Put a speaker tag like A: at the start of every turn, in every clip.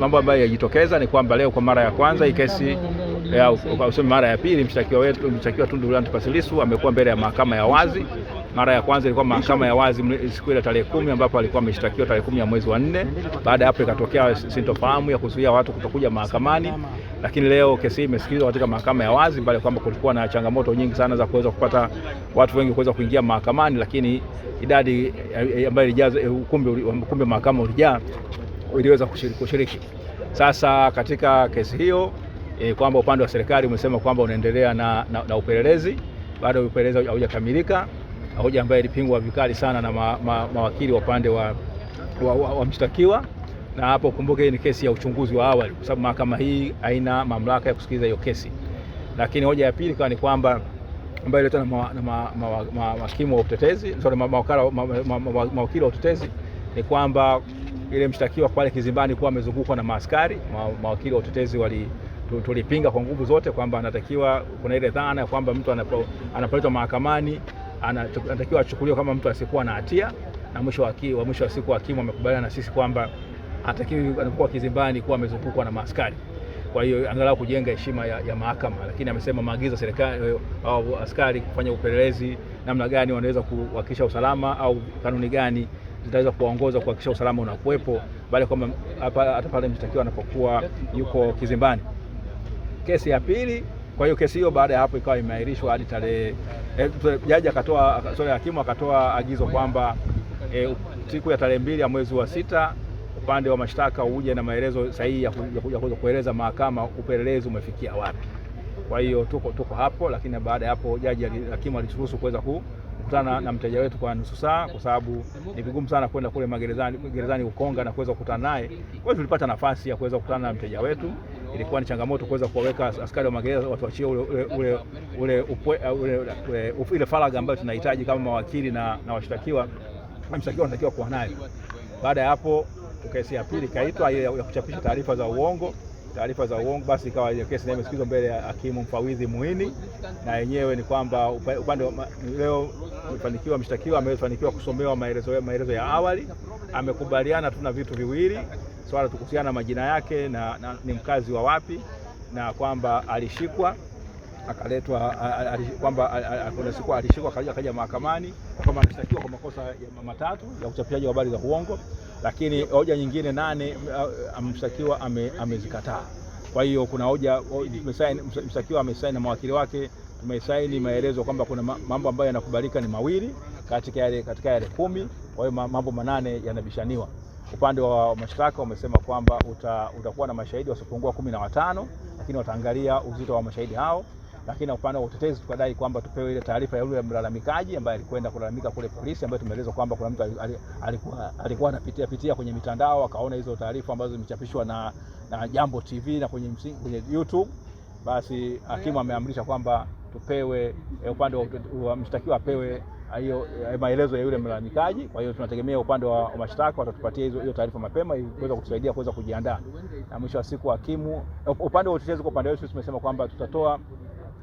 A: mambo ambayo yajitokeza ni kwamba leo kwa mara ya kwanza hii kesi useme mara ya pili, mshtakiwa wetu mshtakiwa Tundu Antipas Lissu amekuwa mbele ya mahakama ya wazi. Mara ya kwanza ilikuwa mahakama ya wazi siku ile tarehe kumi ambapo alikuwa ameshtakiwa tarehe kumi ya mwezi wa nne. Baada ya hapo ikatokea sintofahamu ya kuzuia watu kutokuja mahakamani, lakini leo kesi imesikilizwa katika mahakama ya wazi, mbali kwamba kulikuwa na changamoto nyingi sana za kuweza kupata watu wengi kuweza kuingia mahakamani, lakini idadi ambayo ilijaa eh, ukumbi mahakama ulijaa iliweza kushiriki. Sasa katika kesi hiyo e, kwamba upande wa serikali umesema kwamba unaendelea na, na, na upelelezi. Bado upelelezi haujakamilika, hoja ambayo ilipingwa vikali sana na ma, ma, mawakili wa upande wa, wa, wa, wa mshtakiwa na hapo kumbuke, ni kesi ya uchunguzi wa awali, kwa sababu mahakama hii haina mamlaka ya kusikiliza hiyo kesi. Lakini hoja ya pili ikawa ni kwamba ambayo ileta na mawakili wa utetezi, mawakili wa utetezi ni kwamba ile mshtakiwa pale kizimbani kuwa amezungukwa na maaskari. Mawakili wa utetezi wali tulipinga kwa nguvu zote kwamba anatakiwa, kuna ile dhana kwamba mtu anapoletwa mahakamani anatakiwa achukuliwe kama mtu asiyekuwa na hatia, na mwisho wa mwisho wa siku hakimu amekubaliana na sisi kwamba hatakiwi anapokuwa kizimbani kuwa amezungukwa na maaskari kwa hiyo angalau kujenga heshima ya, ya mahakama, lakini amesema maagizo ya serikali eh, au askari kufanya upelelezi namna gani wanaweza kuhakikisha usalama au kanuni gani zitaweza kuwaongoza kuhakikisha usalama unakuwepo, bali kwamba hata pale mshtakiwa anapokuwa yuko kizimbani. Kesi ya pili kwa hiyo kesi hiyo baada ya hapo ikawa imeahirishwa hadi tarehe eh, jaji akatoa sorry, hakimu akatoa agizo kwamba e, siku ya tarehe mbili ya mwezi wa sita upande wa mashtaka uje na maelezo sahihi ya kuja kueleza mahakama upelelezi umefikia wapi. Kwa hiyo tuko, tuko hapo, lakini baada ya hapo jaji hakimu aliruhusu kuweza ku kukutana na mteja wetu kwa nusu saa, kwa sababu ni vigumu sana kwenda kule magerezani gerezani Ukonga na kuweza kukutana naye. Kwa hiyo tulipata nafasi ya kuweza kukutana na mteja wetu. Ilikuwa ni changamoto kuweza kuwaweka askari wa magereza watuachie ule, uh, ule, ule, ule, ile faragha ambayo tunahitaji kama mawakili na, na washtakiwa na mshtakiwa anatakiwa kuwa nayo. Baada ya hapo kesi ya pili ikaitwa ya kuchapisha taarifa za uongo taarifa za uongo, basi ikawa kesi na imesikizwa mbele ya hakimu mfawidhi Muini, na yenyewe ni kwamba upande leo mfanikiwa mshtakiwa amefanikiwa kusomewa maelezo, maelezo ya awali. Amekubaliana na vitu viwili swala tukuhusiana na majina yake na, na ni mkazi wa wapi na kwamba alishikwa akaletwa kwamba kuna siku alishikwa akaja mahakamani kwamba anashtakiwa kwa makosa ya matatu ya uchapishaji wa habari za uongo, lakini hoja nyingine nane mshtakiwa amezikataa. Kwa hiyo kuna hoja mshtakiwa amesaini na mawakili wake tumesaini maelezo kwamba kuna mambo ambayo yanakubalika ni mawili katika yale katika yale kumi. Kwa hiyo mambo manane yanabishaniwa. Upande wa mashtaka umesema kwamba uta, utakuwa na mashahidi wasiopungua kumi na watano, lakini wataangalia uzito wa mashahidi hao. Lakini upande wa utetezi tukadai kwamba tupewe ile taarifa ya yule mlalamikaji ambaye alikwenda kulalamika kule polisi, ambaye tumeelezwa kwamba kuna mtu alikuwa alikuwa anapitia pitia kwenye mitandao akaona hizo taarifa ambazo zimechapishwa na, na Jambo TV na kwenye, kwenye YouTube. Basi hakimu ameamrisha kwamba tupewe e, upande wa mshtakiwa apewe hiyo e, maelezo ya yule mlalamikaji. Kwa hiyo tunategemea upande wa mashtaka watatupatia hizo hiyo taarifa mapema ili kuweza kutusaidia kuweza kujiandaa, na mwisho wa siku hakimu, upande wa utetezi, kwa upande wetu tumesema kwamba tutatoa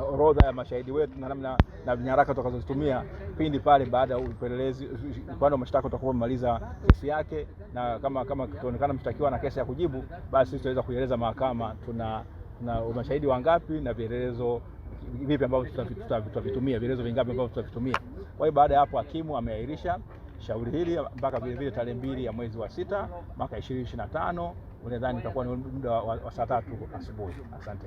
A: orodha ya mashahidi wetu na namna na nyaraka tutakazozitumia pindi pale baada ya upelelezi, upande wa mashtaka utakuwa umemaliza kesi yake, na kama kama kitaonekana mshtakiwa na kesi ya kujibu, basi tutaweza kueleza mahakama tuna na mashahidi wangapi na vielelezo vipi ambavyo tutavitumia, vielelezo vingapi ambavyo tutavitumia. Kwa hiyo baada ya hapo hakimu ameahirisha shauri hili mpaka vilevile tarehe mbili ya mwezi wa sita mwaka 2025 unadhani itakuwa ni muda wa, wa saa tatu asubuhi. Asante.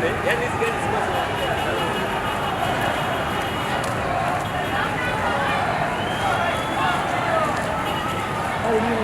A: Oh, you